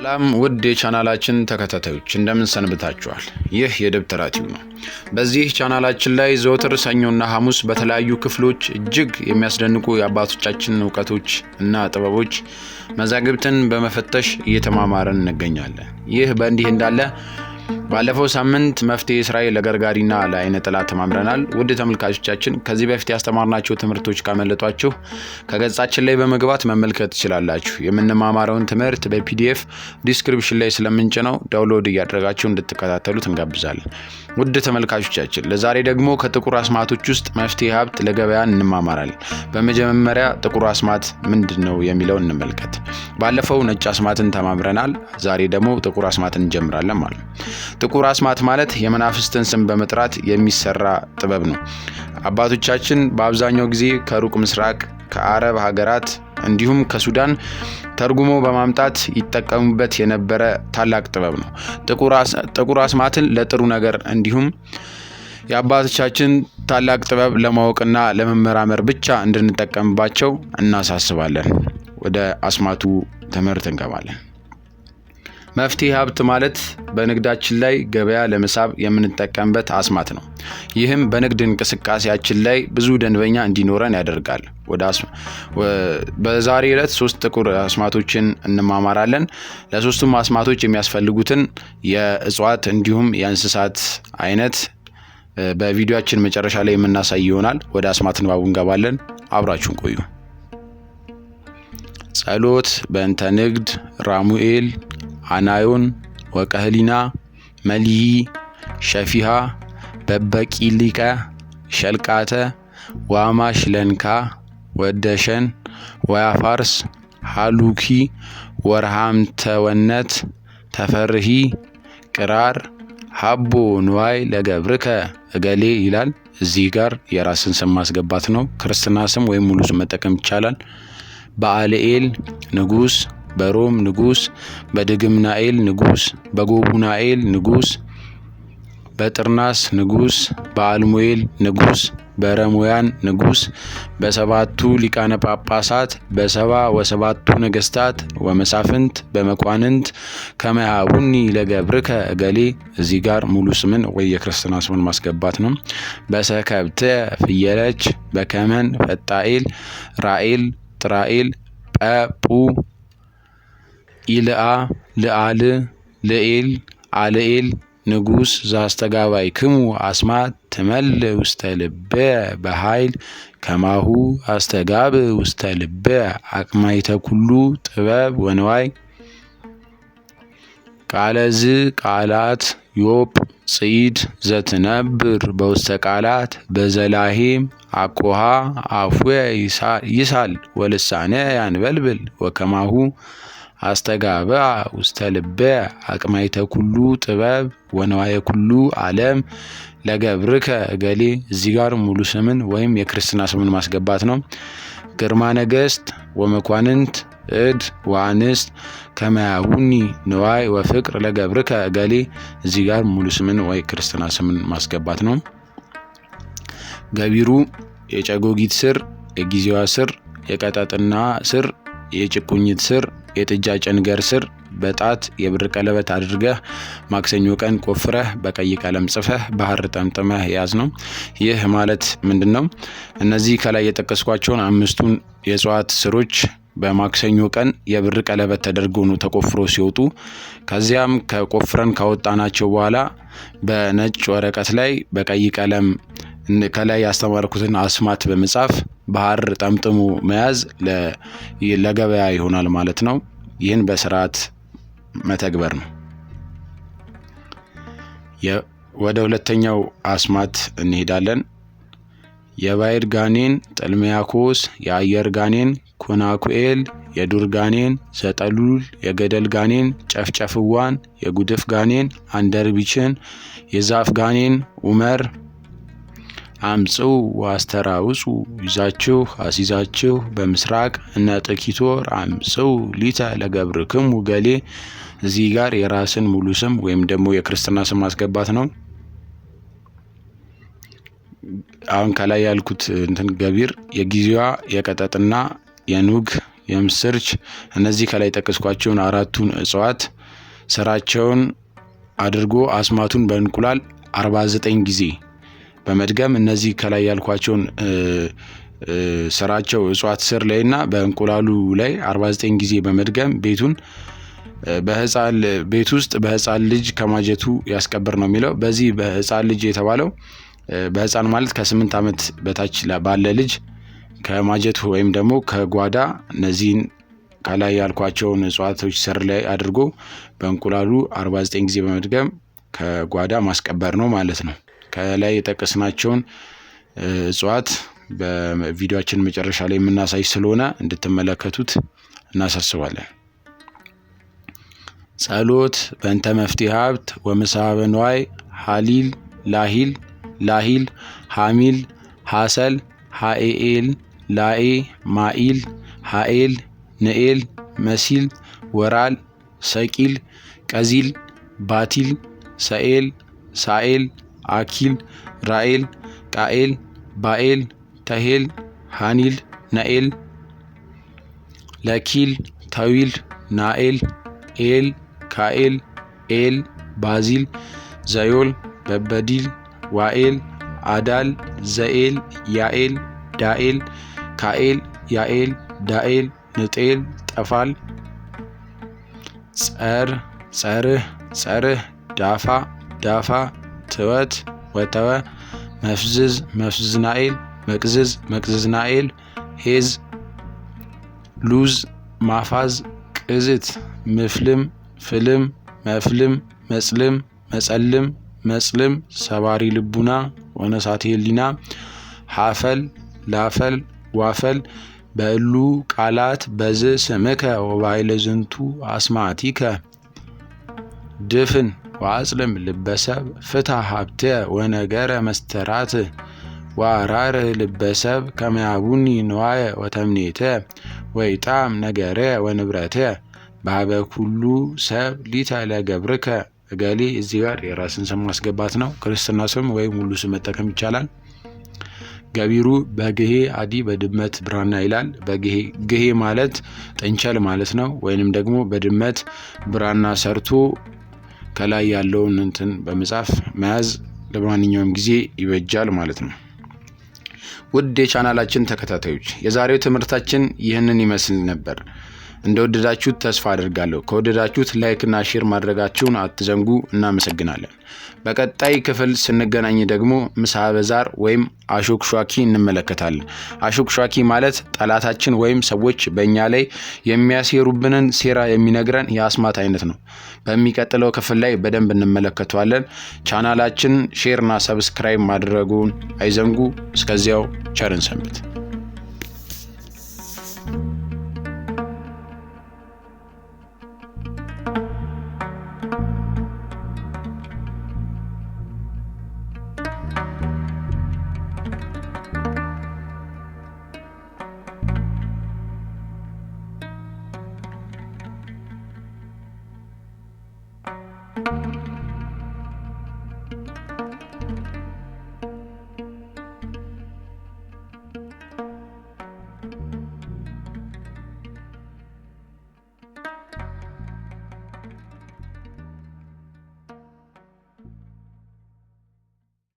ሰላም ውድ የቻናላችን ተከታታዮች እንደምን ሰንብታችኋል? ይህ የደብተራ ቲዩብ ነው። በዚህ ቻናላችን ላይ ዘወትር ሰኞና ሐሙስ በተለያዩ ክፍሎች እጅግ የሚያስደንቁ የአባቶቻችን እውቀቶች እና ጥበቦች መዛግብትን በመፈተሽ እየተማማረን እንገኛለን። ይህ በእንዲህ እንዳለ ባለፈው ሳምንት መፍትሄ ስራ ለገርጋሪና ለአይነ ጥላ ተማምረናል። ውድ ተመልካቾቻችን ከዚህ በፊት ያስተማርናቸው ትምህርቶች ካመለጧችሁ ከገጻችን ላይ በመግባት መመልከት ትችላላችሁ። የምንማማረውን ትምህርት በፒዲኤፍ ዲስክሪፕሽን ላይ ስለምንጭነው ዳውንሎድ እያደረጋችሁ እንድትከታተሉት እንጋብዛለን። ውድ ተመልካቾቻችን ለዛሬ ደግሞ ከጥቁር አስማቶች ውስጥ መፍትሄ ሀብት ለገበያ እንማማራለን። በመጀመሪያ ጥቁር አስማት ምንድን ነው የሚለውን እንመልከት። ባለፈው ነጭ አስማትን ተማምረናል። ዛሬ ደግሞ ጥቁር አስማትን እንጀምራለን ማለት ነው። ጥቁር አስማት ማለት የመናፍስትን ስም በመጥራት የሚሰራ ጥበብ ነው። አባቶቻችን በአብዛኛው ጊዜ ከሩቅ ምስራቅ፣ ከአረብ ሀገራት እንዲሁም ከሱዳን ተርጉሞ በማምጣት ይጠቀሙበት የነበረ ታላቅ ጥበብ ነው። ጥቁር አስማትን ለጥሩ ነገር እንዲሁም የአባቶቻችን ታላቅ ጥበብ ለማወቅና ለመመራመር ብቻ እንድንጠቀምባቸው እናሳስባለን። ወደ አስማቱ ትምህርት እንገባለን። መፍትሄ ሀብት ማለት በንግዳችን ላይ ገበያ ለመሳብ የምንጠቀምበት አስማት ነው። ይህም በንግድ እንቅስቃሴያችን ላይ ብዙ ደንበኛ እንዲኖረን ያደርጋል። በዛሬ ዕለት ሶስት ጥቁር አስማቶችን እንማማራለን። ለሶስቱም አስማቶች የሚያስፈልጉትን የእጽዋት እንዲሁም የእንስሳት አይነት በቪዲዮችን መጨረሻ ላይ የምናሳይ ይሆናል። ወደ አስማት ንባቡ እንገባለን። አብራችሁን ቆዩ። ጸሎት በእንተ ንግድ ራሙኤል አናዮን ወቀህሊና መልሂ ሸፊሃ በበቂ ሊቀ ሸልቃተ ዋማሽ ለንካ ወደሸን ወያፋርስ ሃሉኪ ወርሃምተወነት ተፈርሂ ቅራር ሀቦ ንዋይ ለገብርከ እገሌ ይላል። እዚህ ጋር የራስን ስም ማስገባት ነው። ክርስትና ስም ወይም ሙሉ ስም መጠቀም ይቻላል። በአልኤል ንጉስ በሮም ንጉስ፣ በድግምናኤል ንጉስ፣ በጎቡናኤል ንጉስ፣ በጥርናስ ንጉስ፣ በአልሙኤል ንጉስ፣ በረሙያን ንጉስ፣ በሰባቱ ሊቃነ ጳጳሳት፣ በሰባ ወሰባቱ ነገስታት ወመሳፍንት በመኳንንት ከመያቡኒ ለገብርከ እገሌ። እዚህ ጋር ሙሉ ስምን ወይ የክርስትና ስምን ማስገባት ነው። በሰከብተ ፍየለች፣ በከመን ፈጣኤል፣ ራኤል፣ ጥራኤል፣ ጰ ኢልአ ልአል ልኤል አልኤል ንጉስ ዛስተጋባይ ክሙ አስማት ትመል ውስተ ልበ በኃይል ከማሁ አስተጋብ ውስተ ልበ አቅማይተ ኩሉ ጥበብ ወንዋይ ቃለዝ ቃላት ዮጵ ጽኢድ ዘትነብር በውስተ ቃላት በዘላሄም አኮሃ አፉ ይሳል ወልሳኔ ያንበልብል ወከማሁ አስተጋባ ውስተ አቅማይተ ኩሉ ጥበብ ወነዋየ ኩሉ ዓለም ለገብርከ እገሌ። እዚህ ጋር ሙሉ ስምን ወይም የክርስትና ስምን ማስገባት ነው። ግርማ ነገስት ወመኳንንት እድ ወአንስት ከመያቡኒ ንዋይ ወፍቅር ለገብርከ እገሌ። እዚህ ጋር ሙሉ ስምን ወይ ክርስትና ስምን ማስገባት ነው። ገቢሩ የጨጎጊት ስር፣ የጊዜዋ ስር፣ የቀጠጥና ስር፣ የጭቁኝት ስር የጥጃ ጨንገር ስር በጣት የብር ቀለበት አድርገህ ማክሰኞ ቀን ቆፍረህ በቀይ ቀለም ጽፈህ ባህር ጠምጥመህ ያዝ ነው። ይህ ማለት ምንድን ነው? እነዚህ ከላይ የጠቀስኳቸውን አምስቱን የእጽዋት ስሮች በማክሰኞ ቀን የብር ቀለበት ተደርጎ ነው ተቆፍሮ ሲወጡ። ከዚያም ከቆፍረን ካወጣናቸው በኋላ በነጭ ወረቀት ላይ በቀይ ቀለም ከላይ ያስተማርኩትን አስማት በመጻፍ ባህር ጠምጥሙ መያዝ ለገበያ ይሆናል ማለት ነው። ይህን በስርዓት መተግበር ነው። ወደ ሁለተኛው አስማት እንሄዳለን። የባይር ጋኔን ጥልሚያኮስ፣ የአየር ጋኔን ኮናኩኤል፣ የዱር ጋኔን ዘጠሉል፣ የገደል ጋኔን ጨፍጨፍዋን፣ የጉድፍ ጋኔን አንደርቢችን፣ የዛፍ ጋኔን ኡመር አምጽው ወአስተራውጹ ይዛችሁ አስይዛችሁ በምስራቅ እነ ጥኪቶር አምፀው ሊተ ለገብርክሙ ገሌ። እዚህ ጋር የራስን ሙሉ ስም ወይም ደግሞ የክርስትና ስም ማስገባት ነው። አሁን ከላይ ያልኩት እንትን ገቢር የጊዜዋ የቀጠጥና የኑግ የምስርች እነዚህ ከላይ ጠቀስኳቸውን አራቱን እጽዋት ስራቸውን አድርጎ አስማቱን በእንቁላል 49 ጊዜ በመድገም እነዚህ ከላይ ያልኳቸውን ስራቸው እጽዋት ስር ላይ እና በእንቁላሉ ላይ 49 ጊዜ በመድገም ቤቱን በህፃን ቤት ውስጥ በህፃን ልጅ ከማጀቱ ያስቀብር ነው የሚለው። በዚህ በህፃን ልጅ የተባለው በህፃን ማለት ከስምንት ዓመት በታች ባለ ልጅ ከማጀቱ ወይም ደግሞ ከጓዳ እነዚህን ከላይ ያልኳቸውን እጽዋቶች ስር ላይ አድርጎ በእንቁላሉ 49 ጊዜ በመድገም ከጓዳ ማስቀበር ነው ማለት ነው። ከላይ የጠቀስናቸውን እጽዋት በቪዲዮችን መጨረሻ ላይ የምናሳይ ስለሆነ እንድትመለከቱት እናሳስባለን። ጸሎት በእንተ መፍትሔ ሀብት ወምሳበንዋይ ንዋይ ሀሊል ላሂል ላሂል ሀሚል ሀሰል ሀኤኤል ላኤ ማኢል ሀኤል ንኤል መሲል ወራል ሰቂል ቀዚል ባቲል ሰኤል ሳኤል አኪል፣ ራኤል፣ ቃኤል፣ ባኤል፣ ተሄል፣ ሃኒል፣ ናኤል ለኪል፣ ተዊል፣ ናኤል፣ ኤል፣ ካኤል፣ ኤል፣ ባዚል፣ ዘዮል፣ በበዲል፣ ዋኤል፣ አዳል፣ ዘኤል፣ ያኤል፣ ዳኤል፣ ካኤል፣ ያኤል፣ ዳኤል፣ ንጤል፣ ጠፋል፣ ጸር፣ ጸርህ፣ ጸርህ፣ ዳፋ፣ ዳፋ ትወት ወተወ መፍዝዝ መፍዝናኤል መቅዝዝ መቅዝዝናኤል ሄዝ ሉዝ ማፋዝ ቅዝት ምፍልም ፍልም መፍልም መጽልም መጸልም መጽልም ሰባሪ ልቡና ወነሳት ህሊና ሀፈል ላፈል ዋፈል በእሉ ቃላት በዝ ስምከ ወባይለ ዝንቱ አስማቲከ ድፍን ወአጽልም ልበሰብ ፍታ ሀብተ ወነገረ መስተራት ዋራር ልበሰብ ከመያቡኒ ንዋየ ወተምኔተ ወይጣም ነገረ ወንብረተ ባበ ኩሉ ሰብ ሊተለ ገብርከ እገሌ። እዚህ ጋር የራስን ስም ማስገባት ነው። ክርስትና ስም ወይም ሙሉ ስም መጠቀም ይቻላል። ገቢሩ በግሄ አዲ በድመት ብራና ይላል። ግሄ ማለት ጥንቸል ማለት ነው። ወይንም ደግሞ በድመት ብራና ሰርቶ ከላይ ያለውን እንትን በመጻፍ መያዝ ለማንኛውም ጊዜ ይበጃል ማለት ነው። ውድ የቻናላችን ተከታታዮች የዛሬው ትምህርታችን ይህንን ይመስል ነበር። እንደወደዳችሁት ተስፋ አድርጋለሁ። ከወደዳችሁት ላይክና ሼር ማድረጋችሁን አትዘንጉ። እናመሰግናለን። በቀጣይ ክፍል ስንገናኝ ደግሞ ምሳ በዛር ወይም አሾክሿኪ እንመለከታለን። አሾክሿኪ ማለት ጠላታችን ወይም ሰዎች በእኛ ላይ የሚያሴሩብንን ሴራ የሚነግረን የአስማት አይነት ነው። በሚቀጥለው ክፍል ላይ በደንብ እንመለከተዋለን። ቻናላችን ሼርና ሰብስክራይብ ማድረጉን አይዘንጉ። እስከዚያው ቸርን ሰንብት።